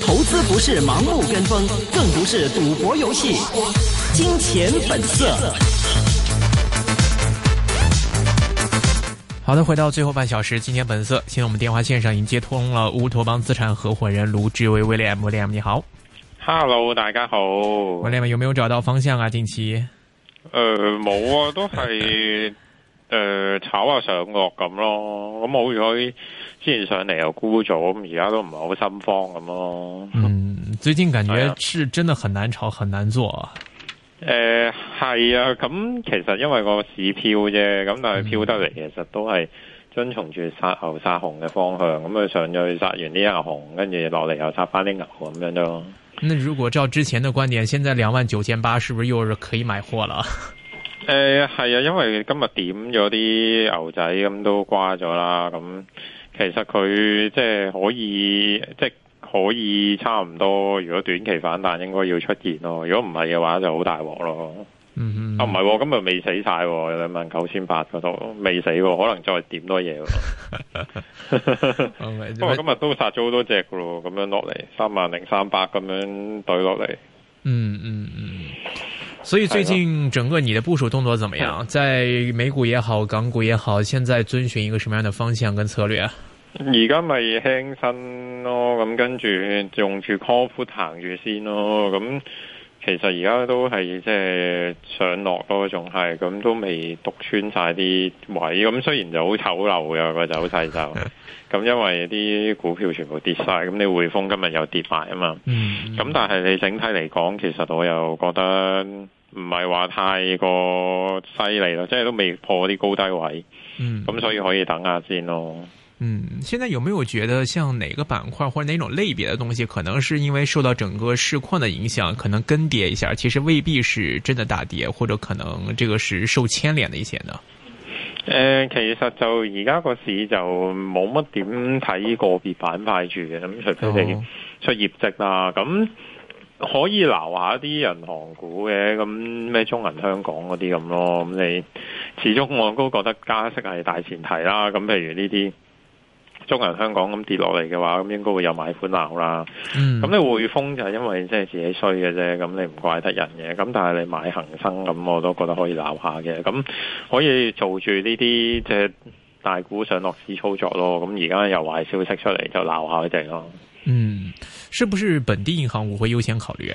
投資不是盲目跟風，更不是賭博遊戲。金錢本色。好的，回到最後半小時，金錢本色。現在我們電話線上已經接通了烏托邦資產合伙人盧志威 William，William 你好，Hello，大家好。William 有沒有找到方向啊？近期？呃，冇啊，都係。 誒，炒下上落咁咯，咁好似佢之前上嚟又沽咗，咁而家都唔係好心慌咁咯。嗯，最近感覺是真的很難炒，很難做。誒、嗯，係、嗯嗯、啊，咁其實因為個市票啫，咁但係票得嚟，其實都係遵從住殺牛殺熊嘅方向，咁佢上去殺完啲牛熊，跟住落嚟又殺翻啲牛咁樣咯。如果照之前嘅觀點，現在兩萬九千八，是不是又是可以買貨了？誒，係啊，因為今日點咗啲牛仔咁都瓜咗啦，咁其實佢即係可以，即係可以差唔多。如果短期反彈，應該要出現咯。如果唔係嘅話，就好大鑊咯。嗯，啊唔係，今日未死晒，兩萬九千八嗰度未死，可能再點多嘢。不過今日都殺咗好多隻噶咯，咁樣落嚟三萬零三百咁樣懟落嚟。嗯嗯嗯。所以最近整個你的部署動作點樣？的在美股也好，港股也好，現在遵循一個什麼樣的方向跟策略啊？而家咪輕身咯，咁跟住用住 cover 行住先咯，咁。其實而家都係即係上落咯，仲係咁都未篤穿晒啲位。咁雖然就好醜陋嘅，個走勢就咁，因為啲股票全部跌晒。咁你匯豐今日又跌埋啊嘛。咁、嗯嗯、但係你整體嚟講，其實我又覺得唔係話太過犀利咯，即係都未破啲高低位。咁、嗯、所以可以等下先咯。嗯，現在有沒有覺得像哪個板塊或者哪種類別的東西，可能是因為受到整個市況的影響，可能跟跌一下？其實未必是真的大跌，或者可能這個是受牽連的一些呢？誒、呃，其實就而家個市就冇乜點睇個別板塊住嘅，咁除非你出業績啦、啊，咁、嗯嗯、可以撈下一啲銀行股嘅，咁咩中銀香港嗰啲咁咯。咁你始終我都覺得加息係大前提啦，咁譬如呢啲。中銀香港咁跌落嚟嘅話，咁應該會有買盤撈啦。咁、嗯、你匯豐就係因為即係自己衰嘅啫，咁你唔怪得人嘅。咁但係你買恒生咁，我都覺得可以撈下嘅。咁可以做住呢啲即係大股上落市操作咯。咁而家又壞消息出嚟，就撈下佢哋咯。嗯，是不是本地銀行會優先考慮？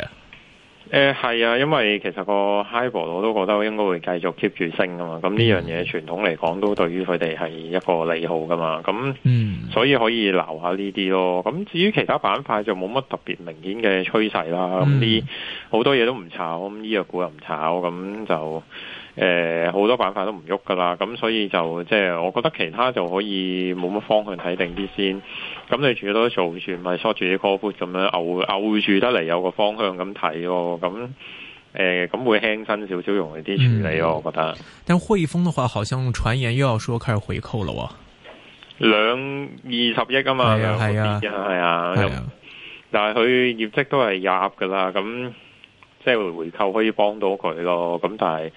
誒，係、呃、啊，因為其實個 HIBOR 我都覺得應該會繼續 keep 住升噶嘛，咁呢樣嘢傳統嚟講都對於佢哋係一個利好噶嘛，咁，所以可以留下呢啲咯。咁至於其他板塊就冇乜特別明顯嘅趨勢啦，咁呢好多嘢都唔炒，醫藥股又唔炒，咁就誒好、呃、多板塊都唔喐噶啦，咁所以就即係我覺得其他就可以冇乜方向睇定啲先。咁你住都住，咪 short 住啲 cover 咁樣，凹凹住得嚟有個方向咁睇，咁誒，咁會輕身少少，容易啲處理咯。我覺得。但匯豐嘅話，好像傳言又要說開始回扣了，我兩二十億啊嘛，係啊，係啊，係啊，但係佢業績都係壓噶啦，咁即係回扣可以幫到佢咯，咁但係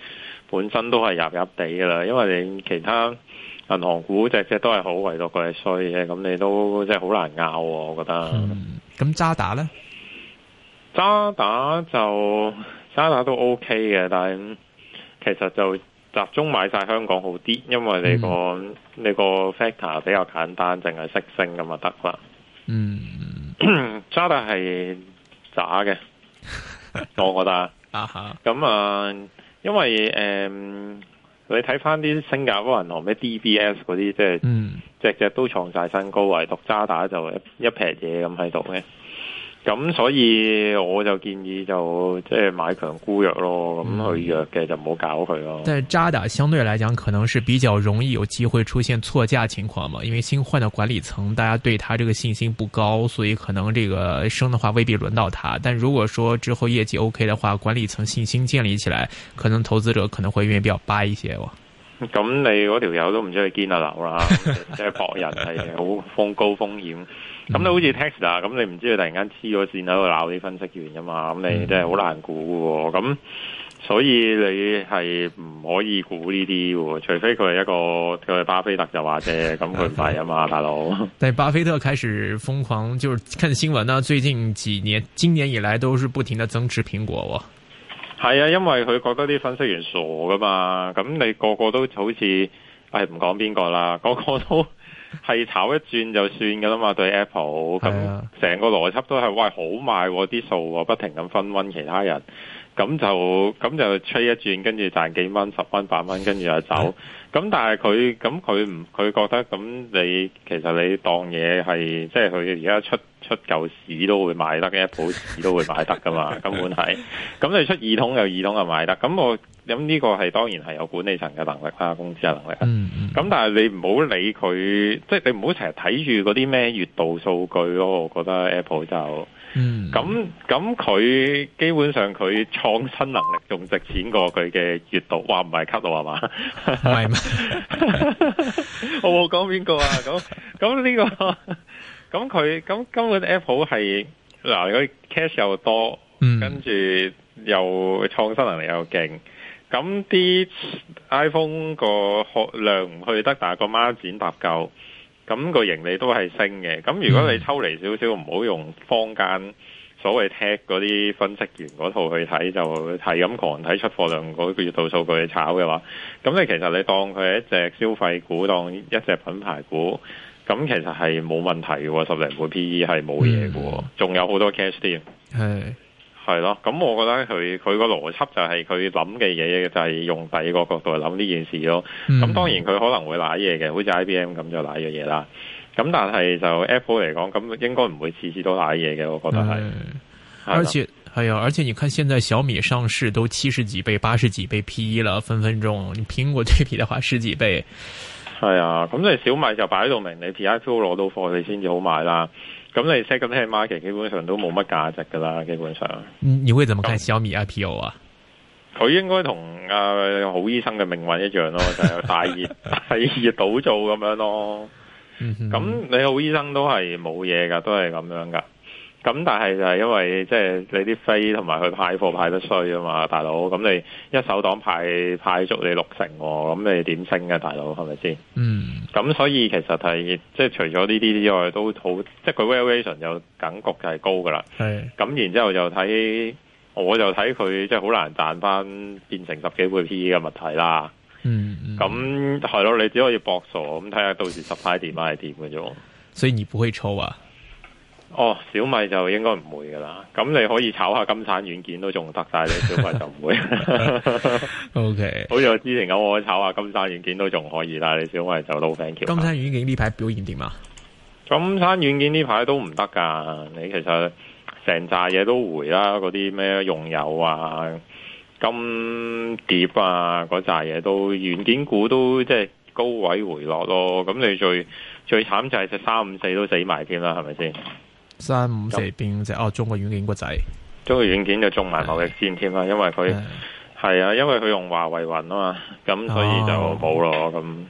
本身都係壓壓地噶啦，因為你其他。銀行股隻隻都係好，唯獨佢衰嘅，咁你都即係好難拗，啊，我覺得。咁、嗯、渣打咧？渣打就渣打都 OK 嘅，但係其實就集中買晒香港好啲，因為你個、嗯、你個 factor 比較簡單，淨係息升咁就得啦，啊哈。嗯，渣打係渣嘅，我覺得啊咁啊，因為誒。你睇翻啲新加坡銀行咩 DBS 嗰啲，即係隻隻都創曬新高，唯獨渣打就一一撇嘢咁喺度嘅。咁所以我就建議就即係、就是、買強沽弱咯，咁去弱嘅就唔好搞佢咯、嗯。但渣打相對嚟講，可能是比較容易有機會出現錯價情況嘛，因為新換的管理層，大家對他這個信心不高，所以可能這個升的話未必輪到他。但如果說之後業績 OK 的話，管理層信心建立起來，可能投資者可能會願意比較 buy 一些哦。咁 你嗰條友都唔知去邊啊流啦，即係博人係好風高風險。咁、嗯、你好似 Tesla 咁，你唔知佢突然間黐咗線喺度鬧啲分析員噶嘛？咁你真係好難估嘅。咁所以你係唔可以估呢啲嘅，除非佢係一個佢係巴菲特就話啫。咁佢唔係啊嘛，啊嗯、大佬哥。但對，巴菲特開始瘋狂，就是看新聞啦。最近幾年，今年以來都是不停的增持蘋果。係啊，因為佢覺得啲分析員傻噶嘛。咁你個個都好似，誒唔講邊個啦，個個都。係炒一轉就算噶啦嘛，對 Apple 咁成個邏輯都係：喂，好賣喎，啲數喎，啊，不停咁分温其他人。咁就咁就 trade 一轉，跟住賺幾蚊十蚊八蚊，跟住就走。咁 但係佢咁佢唔佢覺得咁你其實你當嘢係即係佢而家出出嚿屎都會買得，Apple 屎都會買得噶嘛，根本係。咁 你出二桶又二桶又買得。咁我咁呢、嗯呢個係當然係有管理層嘅能力啦，公司嘅能力。咁 但係你唔好理佢，即係你唔好成日睇住嗰啲咩月度數據咯。我覺得 Apple 就。嗯，咁咁佢基本上佢創新能力仲值錢過佢嘅閱讀，哇唔係 cut 到係嘛？唔係咩？我冇講邊個啊？咁咁呢個咁佢咁根本 Apple 係嗱佢 cash 又多，嗯、跟住又創新能力又勁，咁啲 iPhone 個量唔去得，但係個孖展搭夠。咁個盈利都係升嘅，咁如果你抽離少少，唔好用坊間所謂 tech 嗰啲分析員嗰套去睇，就係咁狂睇出貨量嗰、嗰個月度數據去炒嘅話，咁你其實你當佢係一隻消費股，當一隻品牌股，咁其實係冇問題嘅喎，十零倍 PE 係冇嘢嘅喎，仲有好多 cash 添。係。係咯，咁我覺得佢佢個邏輯就係佢諗嘅嘢，就係用第二個角度去諗呢件事咯。咁、嗯、當然佢可能會瀨嘢嘅，好似 I B M 咁就瀨嘢啦。咁但係就 Apple 嚟講，咁應該唔會次次都瀨嘢嘅，我覺得係、嗯。而且係啊，Yeah. 而且你看，現在小米上市都七十幾倍、八十幾倍 P E 了，分分鐘。你蘋果對比的話，十幾倍。係啊，咁即係小米就擺到明，你要 Apple 攞到貨，你先至好買啦。咁你 set 咁聽 market 基本上都冇乜價值噶啦，基本上。嗯，你會怎麼看小米 IPO 啊？佢應該同啊好醫生嘅命運一樣咯、哦， 就係大熱大熱倒灶咁樣咯、哦。咁、嗯、哼你好醫生都係冇嘢噶，都係咁樣噶。咁但係就係因為即係、就是、你啲飛同埋佢派貨派得衰啊嘛，大佬咁你一手黨派派足你六成、哦，咁你點升啊，大佬係咪先？是是嗯，咁所以其實係即係除咗呢啲之外，都好即係佢 valuation 又感覺就係高噶啦。係的，咁然之後就睇，我就睇佢即係好難賺翻，變成十幾倍 P E 嘅物體啦。嗯，咁係咯，你只可以搏傻，咁睇下到時十派點賣點嘅啫。所以你唔會抽啊？哦，oh, 小米就應該唔會噶啦。咁你可以炒下金山軟件都仲得，但係你小米就唔會。 o Okay . K， 好似我之前咁我炒下金山軟件都仲可以啦，你小米就都、no、，Thank you。金山軟件呢排表現點啊？金山軟件呢排都唔得噶。你其實成紮嘢都回啦，嗰啲咩用友啊、金蝶啊嗰扎嘢都，軟件股都即係高位回落咯。咁你最最慘就係食三五四都死埋添啦，係咪先？三五四邊隻哦，中國軟件個仔，中國軟件就中埋貿易戰添啦，哎、因為佢係、哎、啊，因為佢用華為雲啊嘛，咁所以就冇咯咁。哦、那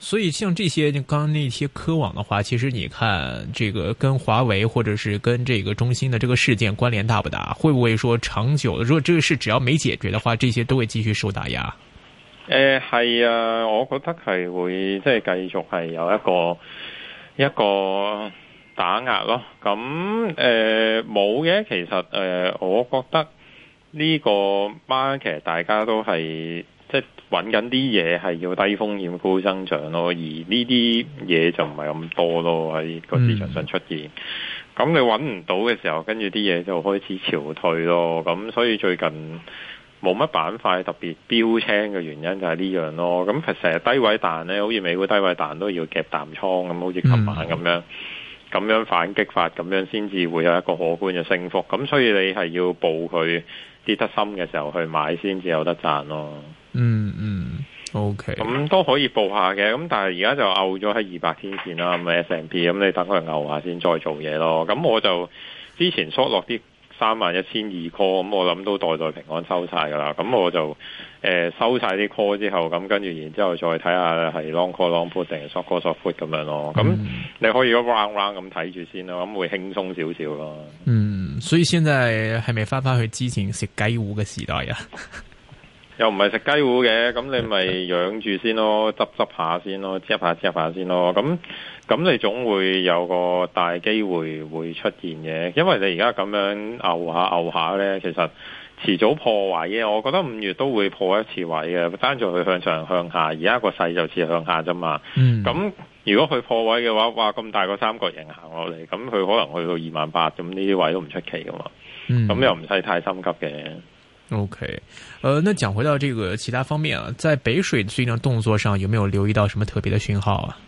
所以，像這些，就剛，剛那些科網的話，其實你看，這個跟華為，或者是跟這個中興的這個事件關聯大不大？會不會說長久，如果這個事只要沒解決的話，這些都會繼續受打壓？誒、呃，係啊，我覺得係會即係繼續係有一個一個。一個打壓咯，咁誒冇嘅，其實誒、呃,我覺得呢個班其實大家都係即係搵緊啲嘢，係要低風險高增長咯，而呢啲嘢就唔係咁多咯喺個市場上出現。咁、嗯嗯、你搵唔到嘅時候，跟住啲嘢就開始潮退咯。咁、嗯、所以最近冇乜板塊特別標青嘅原因就係呢樣咯。咁、嗯嗯、其實低位彈呢，好似美股低位彈都要夾淡倉咁，好似琴晚咁樣。嗯咁樣反擊法，咁樣先至會有一個可觀嘅升幅。咁所以你係要報佢跌得深嘅時候去買，先至有得賺咯。嗯嗯，OK，咁都可以報下嘅。咁但係而家就牛咗喺二百天線啦，唔係 S and P。咁你等佢牛下先，再做嘢咯。咁我就之前 short 落啲。三萬一千二 call，咁我諗都袋袋平安收晒噶啦，咁我就誒、呃、收晒啲 call 之後，咁跟住然之後再睇下係 long call long put 定係 short call short put 咁樣咯，咁、嗯、你可以一 round round 咁睇住先咯，咁會輕鬆少少咯。嗯，所以現在係咪翻翻去之前食雞糊嘅時代啊？ 又唔係食雞糊嘅，咁你咪養住先咯，執執下先咯，接下接下先咯。咁咁你總會有個大機會會出現嘅，因為你而家咁樣牛下牛下咧，其實遲早破位嘅。我覺得五月都會破一次位嘅，單就佢向上向下，而家個勢就似向下啫嘛。咁、嗯、如果佢破位嘅話，哇，咁大個三角形行落嚟，咁佢可能去到二萬八，咁呢啲位都唔出奇噶嘛。咁、嗯、又唔使太心急嘅。OK，呃，那講回到這個其他方面啊，在北水最近的動作上，有沒有留意到什麼特別的訊號是是啊？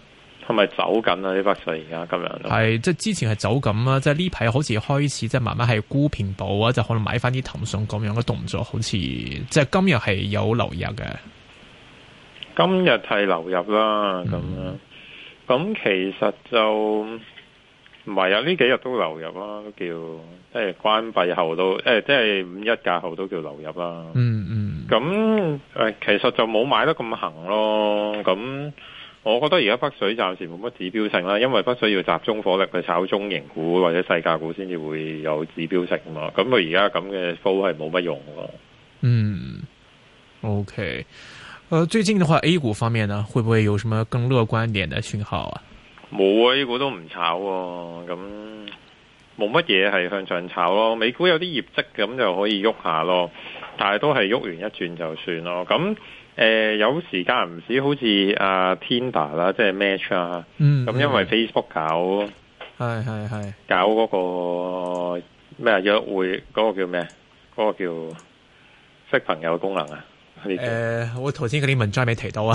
係咪走緊啊？呢批水而家今日係即係之前係走緊啊，即係呢排好似開始即係慢慢係沽平補啊，就可能買翻啲騰訊咁樣嘅動作，好似即係今日係有流入嘅、啊。今日係流入啦，咁啊、嗯，咁其實就。唔係啊！呢幾日都流入啦，都叫即係關閉後都誒，即係五一假後都叫流入啦、嗯。嗯嗯，咁誒，其實就冇買得咁行咯。咁、嗯、我覺得而家北水暫時冇乜指標性啦，因為北水要集中火力去炒中型股或者細價股先至會有指標性嘛。咁佢而家咁嘅都係冇乜用咯。嗯，OK、呃。誒，最近嘅話，A 股方面呢，會唔會有什麼更樂觀點嘅訊號啊？冇啊！呢股、這個、都唔炒、哦，咁冇乜嘢係向上炒咯。美股有啲業績咁就可以喐下咯，但係都係喐完一轉就算咯。咁誒、呃，有時間唔止好似阿 Tinder 啦，即係 Match 啊，咁、嗯、因為 Facebook 搞，係係係，搞嗰、那個咩約會嗰、那個叫咩？嗰、那個叫識朋友功能啊。誒、嗯，我頭先嗰啲文章未提到啊，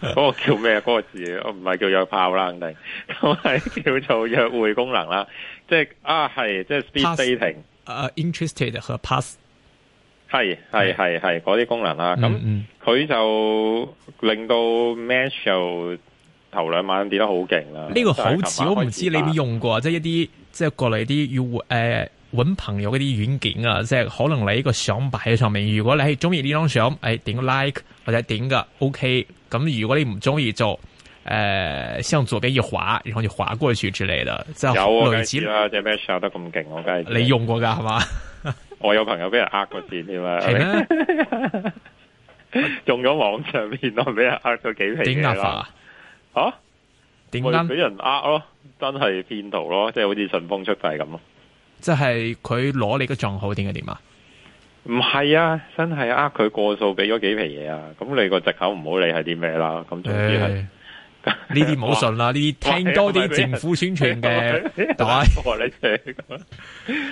嗰個叫咩？嗰、那個字，我唔係叫約炮啦，定係叫做約會功能啦，即係啊，係即係 speed Pass, dating，啊、uh,，interested 和 pass，係係係係嗰啲功能啦。咁佢、嗯嗯、就令到 match 就頭兩晚跌得好勁啦。呢個好似，我唔知你有冇用過，即係一啲即係過嚟啲 U I。呃搵朋友嗰啲軟件啊，即係可能你呢個相擺喺上面，如果你係中意呢張相，誒、哎、點個 like 或者點噶，OK。咁如果你唔中意做，誒、呃、向左邊一滑，然後就滑過去之類的。即類似有啊，開始啦，即係咩 sell 得咁勁，我梗係你用過噶係嘛？ 我有朋友俾人呃過錢添 啊，用咗網上面，我俾人呃咗幾皮嘢啦。啊？點解俾人呃咯？真係騙徒咯，即係好似順豐出世咁咯。即係佢攞你個賬號定係點啊？唔係啊，真係呃佢過數俾咗幾皮嘢啊！咁、啊、你個籍口唔好理係啲咩啦，咁仲要係呢啲唔好信啦，呢啲哇聽多啲政府宣傳嘅，係咪、哎？唔係、哎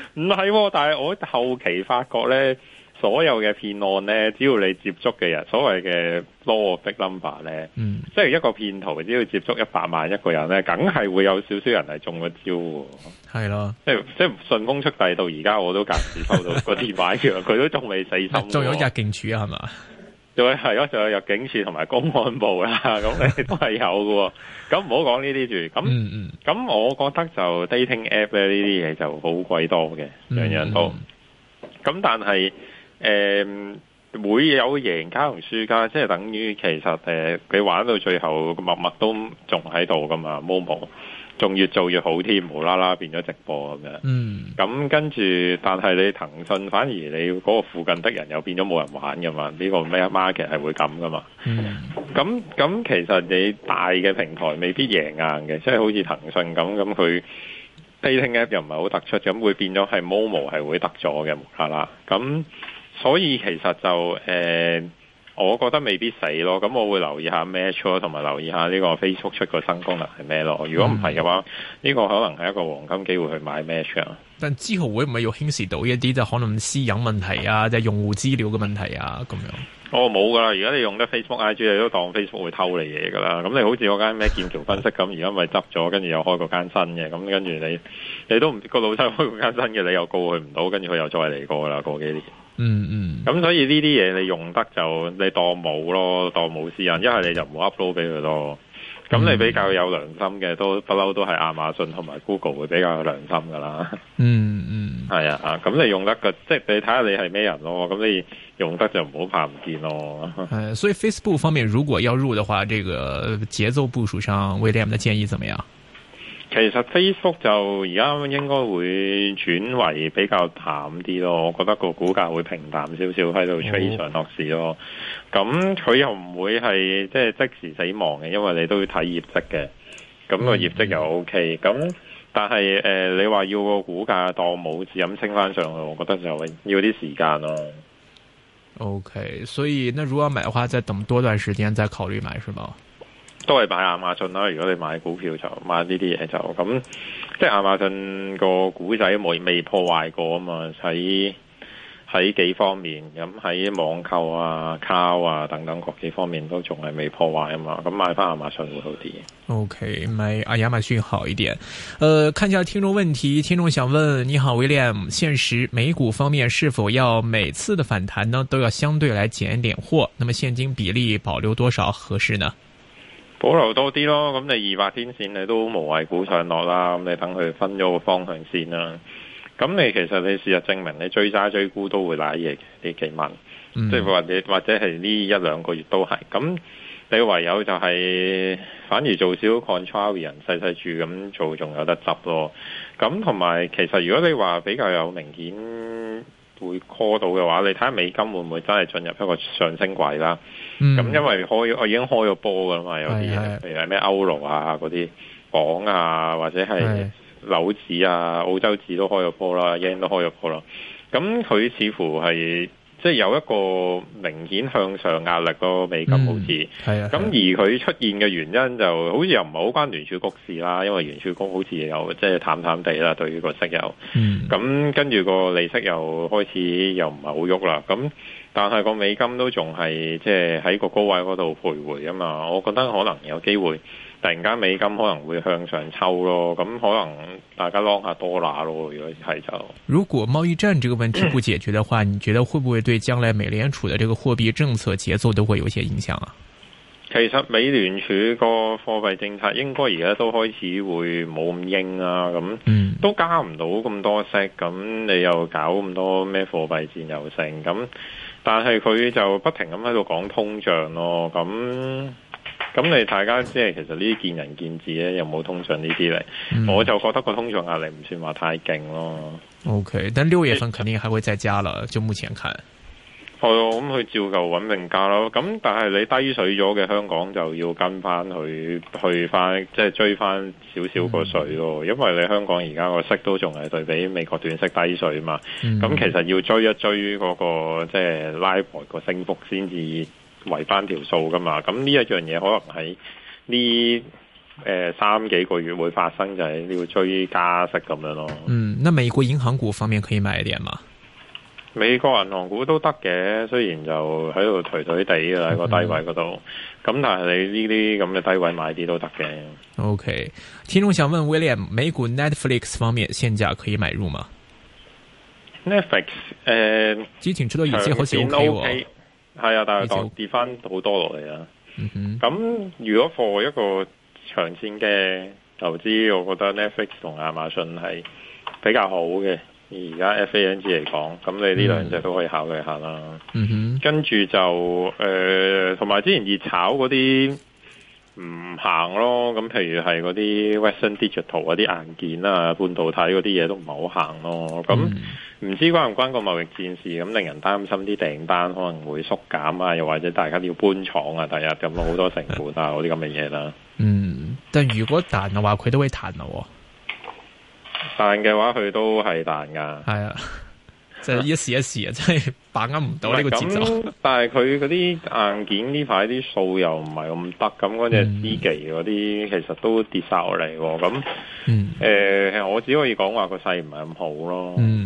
啊，但係我後期發覺咧。所有嘅騙案咧，只要你接觸嘅人，所謂嘅 law of big number 咧，即係一個騙徒只要接觸一百萬一個人咧，梗係會有少少人係中咗招。係咯，即係即係順豐出遞到而家，我都間時收到嗰電話嘅，佢都仲未死心。仲有入境處係嘛？仲係有仲有入境處同埋公安部啦，咁你都係有嘅。咁唔好講呢啲住。咁咁，我覺得就 dating app 咧呢啲嘢，就好鬼多嘅，樣樣都。咁但係。誒，會、嗯、有贏家同輸家，即、就、係、是、等於其實誒，你、啊、玩到最後默默都仲喺度噶嘛？Momo 仲越做越好添，無啦啦變咗直播咁樣。 嗯，咁跟住，但係你騰訊反而你嗰個附近的人又變咗冇人玩噶嘛？呢、這個咩 market 係會咁噶嘛？咁咁 其實你大嘅平台未必贏硬嘅，即係好似騰訊咁咁佢 dating app 又唔係好突出，咁會變咗係 Momo 係會得咗嘅係啦。咁所以其實就誒、呃，我覺得未必死咯。咁我會留意下 Match 同埋留意下呢個 Facebook 出個新功能係咩咯。如果唔係嘅話，呢、這個可能係一個黃金機會去買 Match，但之後會唔會要輕視到一啲就可能私隱問題啊，就用戶資料嘅問題啊咁樣？哦，冇噶啦。如果你用得 Facebook IG，你都當 Facebook 會偷你嘢噶啦。咁你好似嗰間咩 a t 劍橋分析咁，而家咪執咗，跟住又開個間新嘅。咁跟住你，你都唔知個老細開個間新嘅，你又告佢唔到，跟住佢又再嚟過啦，過幾年。嗯嗯，咁、嗯、所以呢啲嘢你用得就你當冇咯，當冇私隱，一係你就唔好 upload 俾佢咯。咁你比較有良心嘅，嗯、都不嬲都係亞馬遜同埋 Google 會比較有良心噶啦。嗯嗯，係啊啊，咁 你用得嘅，即係你睇下你係咩人咯。咁你用得就唔好怕唔見咯、嗯。誒、嗯， 所以 Facebook 方面如果要入嘅話，呢個節奏部署上 William 嘅建議怎麼樣？其實 Facebook 就而家應該會轉為比較淡啲咯，我覺得個股價會平淡少少喺度吹上落市咯。咁佢、嗯、又唔會係即係即時死亡嘅，因為你都要睇業績嘅。咁個業績又 OK，咁、嗯嗯、但係誒、呃、你話要個股價當冇字咁升翻上去，我覺得就係要啲時間咯。OK，所以那如果買嘅話，再等多段時間再考慮買，是嗎？都係買亞馬遜啦，如果你買股票就買呢啲嘢就咁，嗯，即係亞馬遜個股仔未未破壞過啊嘛，喺喺幾方面，咁喺網購啊、卡啊等等嗰幾方面都仲係未破壞啊嘛，咁，嗯，買翻亞馬遜會好啲。OK，買啊亞馬遜好一點。呃，看下聽眾問題，聽眾想問：你好，William，現時美股方面是否要每次嘅反彈呢都要相對來減點貨？那麼現金比例保留多少合適呢？保留多啲咯，咁你二百天線你都無謂估上落啦，咁你等佢分咗個方向先啦。咁你其實你事實證明你追揸追沽都會瀨嘢嘅。你幾萬，即係話你或者係呢一兩個月都係。咁你唯有就係反而做少 contrarian 細細住咁做，仲有得執咯。咁同埋其實如果你話比較有明顯會 call 到嘅話，你睇下美金會唔會真係進入一個上升軌啦？咁、嗯、因為開我已經開咗波噶嘛，有啲嘢，譬如係咩歐羅啊嗰啲、港啊，或者係紐紙啊、是是、澳洲紙都開咗波啦，yen 都開咗波啦。咁佢似乎係即係有一個明顯向上壓力咯，味感好似。係啊。咁而佢出現嘅原因就，好似又唔係好關聯儲局事啦，因為聯儲局好似又即係淡淡地啦，對於個石油。嗯。咁跟住個利息又開始又唔係好喐啦，咁。但係個美金都仲係即係喺個高位嗰度徘徊啊嘛，我覺得可能有機會突然間美金可能會向上抽咯，咁可能大家 long 下多啦咯，如果係就。如果貿易戰這個問題不解決的話，你覺得會不會對將來美聯儲的這個貨幣政策節奏都會有些影響啊？其實美聯儲個貨幣政策應該而家都開始會冇咁鷹啊，咁都加唔到咁多息，咁你又搞咁多咩貨幣戰又剩，咁但係佢就不停咁喺度講通脹咯，咁咁你大家即係其實呢啲見仁見智咧，有冇通脹呢啲嚟？嗯、我就覺得個通脹壓力唔算話太勁咯。Okay，但六月份肯定係會再加啦，就目前看。係，咁佢照舊穩定價咯。咁但係你低水咗嘅香港就要跟翻去去翻，即係追翻少少個水咯。因為你香港而家個息都仲係對比美國短息低水嘛。咁其實要追一追嗰個即係拉博個升幅先至圍翻條數噶嘛。咁呢一樣嘢，可能喺呢誒三幾個月會發生，就係你要追加息咁樣咯。嗯，那美國銀行股方面可以買點嘛？美國銀行股都得嘅，雖然就喺度頹頹地喺個低位嗰度，咁、嗯、但係你呢啲咁嘅低位買啲都得嘅。OK，聽眾想問 William，美股 Netflix 方面現價可以買入嗎？Netflix 誒、呃，之前出到業績好似好 OK，係啊，但係當跌翻好多落嚟啦。咁、嗯、哼如果做一個長線嘅投資，我覺得 Netflix 同亞馬遜係比較好嘅。而家 FANG 嚟講，咁你呢兩隻都可以考慮下啦。嗯哼、mm，hmm. 跟住就誒，同、呃、埋之前熱炒嗰啲唔行咯。咁譬如係嗰啲 Western Digital 啲、啊、硬件啊、半導體嗰啲嘢都唔係好行咯。咁唔知關唔關個貿易戰事？咁令人擔心啲訂單可能會縮減啊，又或者大家要搬廠啊，第日咁好多成本啊嗰啲咁嘅嘢啦。Mm hmm. 啊、嗯，但如果彈嘅話，佢都會彈咯、哦。彈嘅話，佢都係彈噶係啊，即係 一時一時啊，真係把握唔到呢個節奏。 但係佢嗰啲硬件呢排啲數又唔係咁得，咁嗰隻機器嗰啲其實都跌晒落嚟喎。咁，誒、嗯呃，我只可以講話個勢唔係咁好咯。嗯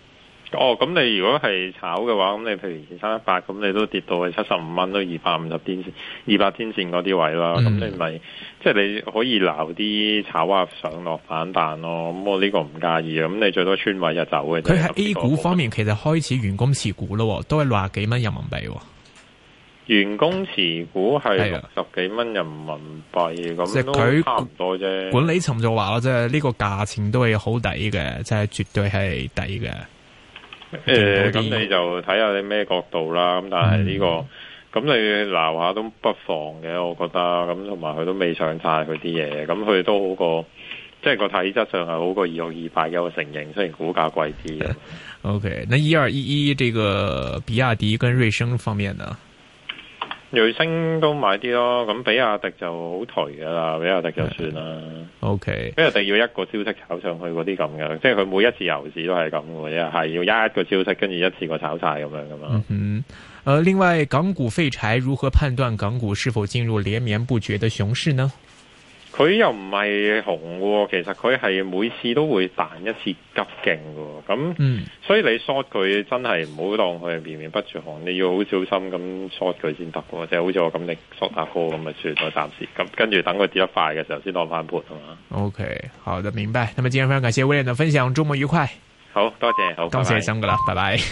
哦，咁你如果係炒嘅話，咁你譬如二三一八，咁你都跌到去七十五蚊，都二百五十天線、二百天線嗰啲位啦。咁你咪、嗯、即係你可以留啲炒啊上落反彈咯。咁我呢個唔介意啊。咁你最多穿位就走嘅。佢喺 A 股，我股方面，其實開始員工持股咯，都係六十幾蚊人民幣。員工持股係六十幾蚊人民幣，咁都差唔多啫。管理層就話咯，即係呢個價錢都係好抵嘅，即係絕對係抵嘅。誒，咁、嗯、你就睇下你咩角度啦。咁但係呢、這個，咁、嗯、你撈下都不妨嘅，我覺得。咁同埋佢都未上晒佢啲嘢，咁佢都好過，即、就、係、是、個體質上係好過二號二八有個成形，雖然股價貴啲。O、okay, K，那一二一一呢個比亞迪跟瑞聲方面呢？瑞星都買啲咯，咁比亞迪就好頹噶啦，比亞迪就算啦。O K，因為要一個消息炒上去嗰啲咁嘅，即係佢每一次牛市都係咁嘅，係要一個消息跟住一次過炒晒咁樣噶嘛。嗯，呃，另外，港股廢柴，如何判斷港股是否進入連綿不絕嘅熊市呢？佢又唔係紅嘅，哦，其實佢係每次都會彈一次急勁嘅，哦，咁，嗯，所以你 short 佢真係唔好當佢綿綿不絕紅，你要好小心咁 short 佢先得嘅，哦，即係好似我咁，你 short 下股咁啊，存在暫時咁，跟住等佢跌得快嘅時候先落翻盤啊嘛。OK，好嘅，明白。那麼今日非常感謝威廉嘅分享，周末愉快。好多謝，好，多謝心個啦，拜拜。拜拜。